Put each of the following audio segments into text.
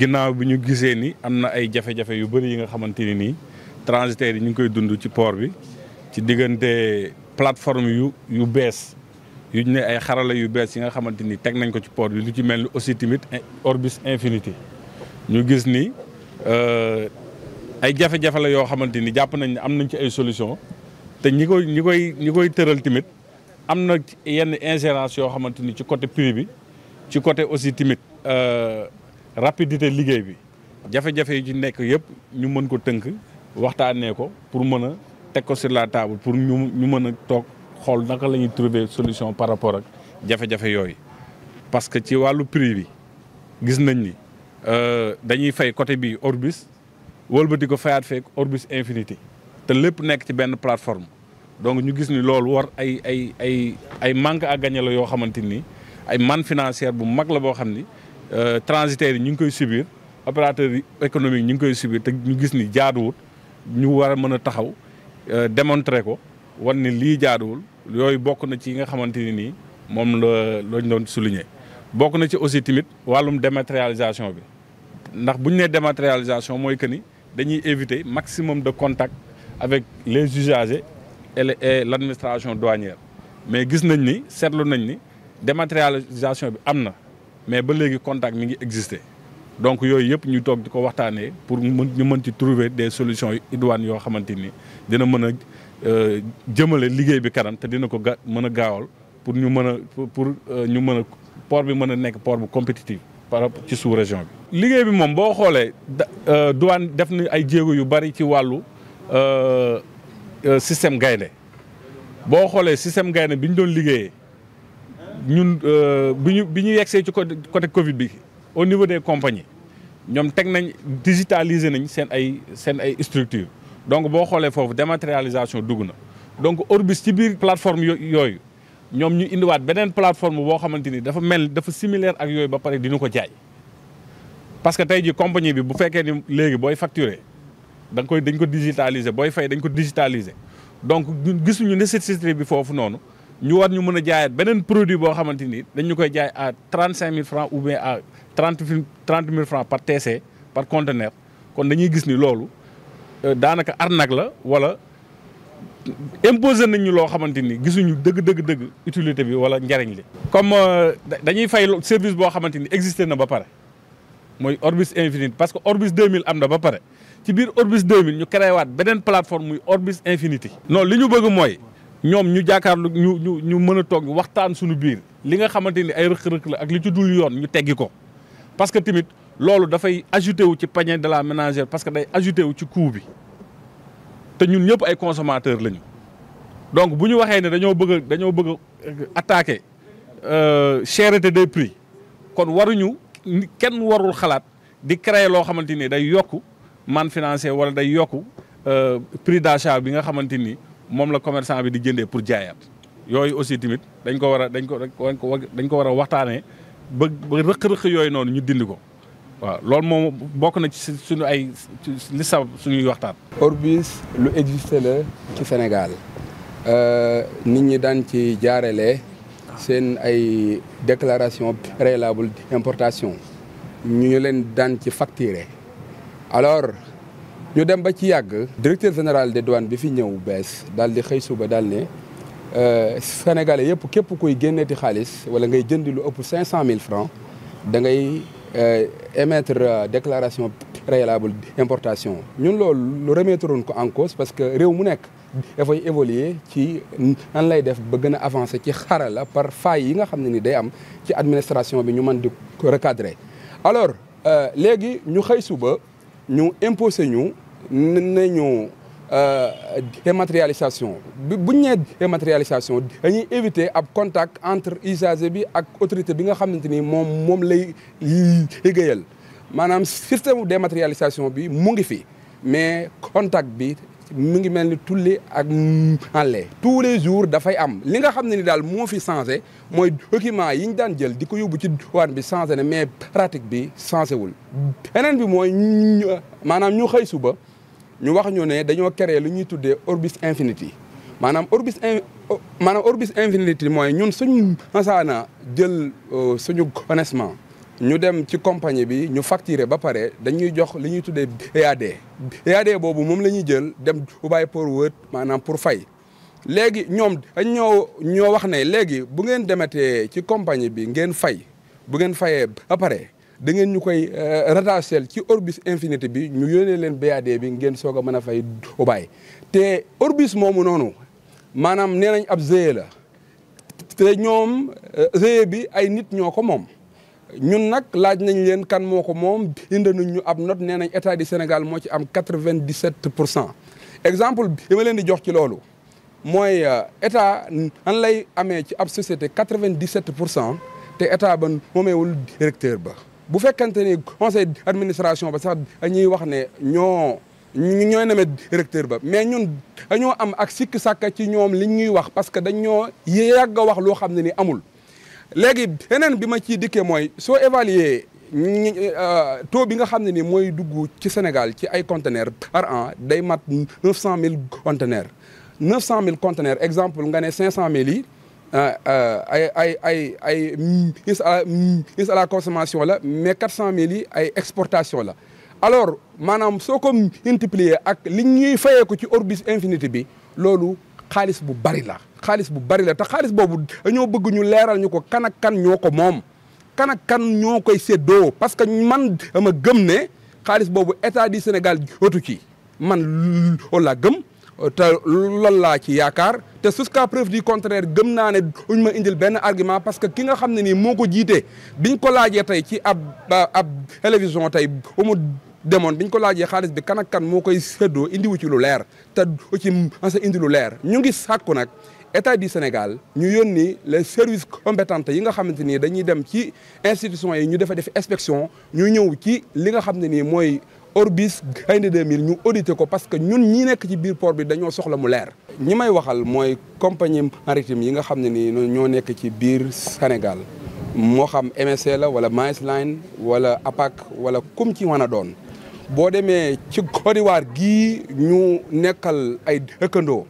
ginnaaw bi ñu gisee ni am na ay jafe-jafe yu bëri yi nga xamante ni nii transitaires yi ñu ngi koy dund ci port bi ci diggante plateforme yu yu bees yu ne ay xarala yu bees yi nga xamante ni teg nañ ko ci port bi lu ci mel ni aussi tamit Orbus Infinity ñu gis ni euh, ay jafe-jafe la yoo xamante ni jàpp nañ ni am nañ ci ay solution te ñi koy koy tëral tamit am na yenn ingérence yoo xamante ni ci côté prix bi ci côté aussi timit euh, rapidité liggéey bi jafe-jafe yi ci nekk yëpp ñu mën ko tënk waxtaanee ko pour mën a teg ko sur la table pour ñu ñu mën a toog xool naka la ñuy trouver solution par rapport ak jafe-jafe yooyu parce que ci wàllu prix bi gis nañ ni euh, dañuy fay côté bi Orbus wëlbati ko fayaat fekk Orbus Infinity te lépp nekk ci benn plateforme donc ñu gis ni loolu war ay ay ay ay manque à gagner la yoo xamante ni ay man financière bu mag la boo xam ni euh, transitaires yi ñu ngi koy subir opérateurs économie ñu ngi koy subir teg ñu gis ni jaaduwut ñu war a mën a taxaw euh, démontrer ko wan ni lii jaaduwul yooyu bokk na ci yi nga xamante ni nii moom la lañ doon souligner. bokk na ci aussi tamit wàllum dématérialisation bi ndax bu ne nee dématérialisation mooy que ni dañuy éviter maximum de contact avec les usagers. et l'administration douanière mais gis nañ ni seetlu nañ ni dématérialisation bi am na mais ba léegi contact mi ngi exister donc yooyu yëpp ñu toog di ko waxtaanee pour mën ñu mën ci trouver des solutions yu douane yoo xamante ni dina mën a euh, jëmale liggéey bi kanam te dina ko ga mën a gaawal pour ñu mën a pour euh, ñu mën a port bi mën a nekk port bu compétitif par rapport ci sous région bi. liggéey bi moom boo xoolee euh, douane def na ay jéego yu bari ci wàllu. Euh, système gaynde boo xoolee système gaynde bi ñu doon liggéeyee ñun euh, bi ñu bi ñu yegsee ci côté Covid bi au niveau des compagnies ñoom teg nañ digitaliser nañ seen ay seen ay structure donc boo xoolee foofu dématérialisation dugg na donc Orbis ci biir plateforme yooyu ñoom ñu indiwaat beneen plateforme boo xamante ni dafa mel dafa similaire ak yooyu ba pare dina ko jaay parce que tey ji compagnie bi bu fekkee ni léegi booy facturer da nga koy dañ ko digitaliser booy fay dañ ko digitaliser donc gisuñu nécessité bi foofu noonu ñu war ñu mën a jaayaat beneen produit boo xamante ni dañ koy jaay à trente cinq mille francs ou bien à trente trente mille francs par TC par conteneur kon dañuy gis ni loolu euh, daanaka arnaque la wala imposer nañ ñu loo xamante ni gisuñu dëgg dëgg dëgg utilité bi wala njariñ li. comme euh, dañuy fay service boo xamante ni existé na ba pare. mooy Orbis Infinite parce que Orbis 2000 am na ba pare ci biir Orbis 2000 ñu créé waat beneen plateforme muy Orbis Infinity. non li ñu bëgg mooy ñoom ñu jàkkaarlu ñu ñu ñu mën a toog waxtaan suñu biir li nga xamante ni ay rëq-rëq la ak li ci dul yoon ñu teggi ko parce que tamit loolu dafay ajouté wu ci panier de la ménagère parce que day ajouté wu ci coût bi te ñun ñëpp ay consommateurs lañu donc bu ñu waxee ne dañoo bëgg dañoo bëgg a attaqué euh, cherté des prix kon waruñu. kenn warul xalaat di créer loo xamante ni day yokk man financier wala day yokk euh, prix d'achat bi nga xamante ni moom la commerçant bi di jëndee pour jaayaat yooyu aussi tamit dañ ko war a dañ ko dañ ko war a waxtaanee ba rëq-rëq yooyu noonu ñu dindi ko waaw loolu moom bokk na ci suñu ay li sabab suñuy waxtaan. Orbus lu existé la ci Sénégal euh, nit ñi daan ci jaarelee. seen ay déclaration prélable d'importation ñu leen daan ci facturer alors ñu dem ba ci yàgg directeur général des douanes bi fi ñëw bees daal di xëy suba daal ne euh, sénégalais yëpp képp kuy génneeti xaalis wala ngay jënd lu ëpp cinq cent mille francs da ngay euh, émettre euh, déclaration préalable d'importation ñun loolu lu remettre ko en cause parce que réew mu nekk dafay évoluer ci an lay def ba gën a avancer ci xarala par faille yi nga xam ne ni day am ci administration bi ñu mën di ko recadrer alors euh, léegi ñu xëy suba ñu imposer ñu nañu ñu euh, bi bu ñu nee dématérialisation dañuy éviter ab contact entre isage bi ak autorité bi nga xamante ni moom moom lay liggéeyal maanaam système dématérialisation bi mu ngi fi mais contact bi mu ngi mel ni tulli ak àllee tous les jours dafay am li nga xam ne ni daal moo fi changé mooy document yi ñu daan jël di ko yóbbu ci douane bi changé na mais pratique bi changé wul peneen bi mooy maanaam ñu xëy suba ñu wax ñu ne dañoo créé lu ñuy tuddee orbis infinity maanaam orbis in maanaam orbis infinity mooy ñun suñ masaana jël euh, suñu connaissement ñu dem ci compagnie bi ñu facturer ba pare dañuy jox li ñuy tuddee EAD EAD boobu moom la ñuy jël dem Dubai pour wër maanaam pour fay léegi ñoom ñoo ñoo wax ne léegi bu ngeen demetee ci compagnie bi ngeen fay bu ngeen fayee ba pare da ngeen ñu koy euh, ratachel ci Orbus Infinity bi ñu yónnee leen BAD bi ngeen soog a mën a fay Dubai te Orbus moomu noonu maanaam nee nañ ab GIE la te ñoom euh, GIE bi ay nit ñoo ko moom ñun nag laaj nañ leen kan moo ko moom indi nañ ñu ab note nee nañ état du Sénégal moo ci am quatre-vingt-dix-sept pour cent exemple bi ma leen di jox ci loolu mooy euh, état an lay amee ci ab société quatre-vingt-dix-sept pour cent te état ba moomeewul directeur ba bu fekkante ni conseil d'administration ba sax ñuy wax ne ñoo ñooy namee directeur ba mais ñun dañoo am ak sikk sàkka ci ñoom liñ ñuy wax parce que dañ ñoo yàgg a wax loo xam ne ni amul léegi beneen bi ma ci dikkee mooy soo évaluer euh, taux bi nga xam ne ni mooy dugg ci Sénégal ci ay conteneurs par an day mat neuf cent mille conteneurs neuf cent mille conteneurs exemple nga ne cinq cent mille yi euh, euh, ay ay ay ay mise à mise la consommation la mais quatre cent mille ay exportation la alors maanaam soo ko multiplier ak li ñuy fayee ci Orbis Infinity bi loolu xaalis bu bari la xaalis bu bari la te xaalis boobu dañoo bëgg ñu leeral ñu ko kan kan ñoo ko moom kan kan ñoo koy séddoo parce que man dama gëm ne xaalis boobu état du Sénégal jotu ci man loolu laa gëm te loolu laa ci yaakaar te jusqu'à preuve du contraire gëm naa ne duñ ma indil benn argument parce que ki nga xam ne nii moo ko jiite biñ ko laajee tey ci ab ab télévision tey umu demoon biñ ko laajee xaalis bi kan kan moo koy séddoo indiwu ci lu leer te du ci mës indi lu leer ñu ngi sàkku nag état du Sénégal ñu yónni les services compétents yi nga xamante ni dañuy dem ci institutions yi ñu defa def inspection ñu ñëw ci li nga xam ne nii mooy Orbis de 2000 ñu audité ko parce que ñun ñi nekk ci biir port bi dañoo soxla mu leer. ñi may waxal mooy compagnie maritime yi nga xam ne nii ñoo nekk ci biir Sénégal moo xam MSC la wala Maersk Line wala APAC wala kum ci mën a doon boo demee ci Côte gii ñu nekkal ay dëkkandoo.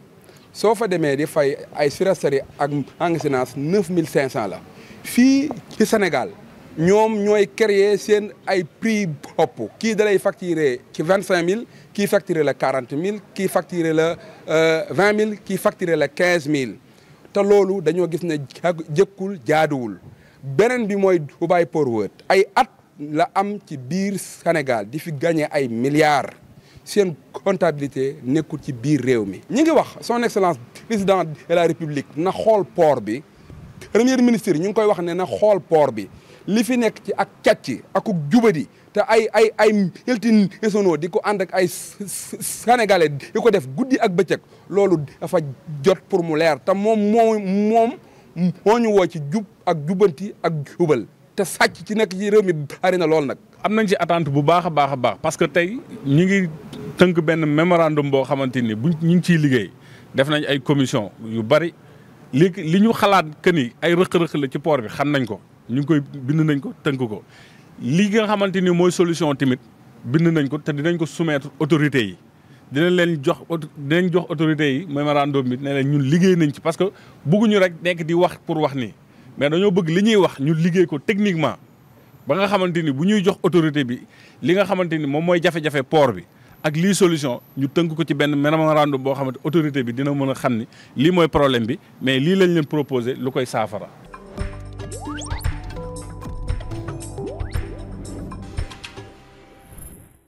soo fa demee di fay ay sirasari ak ensinance neuf mille cinq cent la fii ci Sénégal ñoom ñooy créer seen ay prix bopp kii dalay facturer ci vingt cinq mille kii facturer la quarante mille kii facturer la euh, vingt mille kii facturer la quinze mille te loolu dañoo gis ne jëkkul jaaduwul beneen bi mooy Dubai Port ay at la am ci biir Sénégal di fi gagné ay milliards seen comptabilité nekkul ci biir réew mi. ñi ngi wax son excellence président de la république na xool poor bi premier ministre ñu ngi koy wax ne na xool port bi li fi nekk ci ak càcc ak jubadi te ay ay ay yeltin esonoo di ko ànd ak ay sénégalais di ko def guddi ak bëccëg loolu dafa jot pour mu leer te moom moo moom moo ñu woo ci jub ak jubanti ak jubal. te sàcc ci nekk ci réew mi bari na lool nag. am nañ ci attente bu baax a baax a baax parce que tey ñu ngi tënk benn mémorandum boo xamante ni bu ñu ngi ciy liggéey def nañ ay commission yu bari li li ñu xalaat que ni ay rëq la ci port bi xam nañ ko ñu ngi koy bind nañ ko tënk ko. lii nga xamante ni mooy solution tamit bind nañ ko te dinañ ko soumettre autorités yi dinañ leen jox dinañ jox autorités yi mémorandum bi ne leen ñun liggéey nañ ci parce que bëgguñu rek nekk di wax pour wax nii. mais dañoo bëgg li ñuy wax ñu liggéey ko techniquement ba nga xamante ni bu ñuy jox autorité bi li nga xamante ni moom mooy jafe-jafe port bi ak lii solution ñu tënk ko ci benn mémorandum boo xamante autorité bi dina mën a xam ni lii mooy problème bi mais lii lañ leen proposé lu koy saafara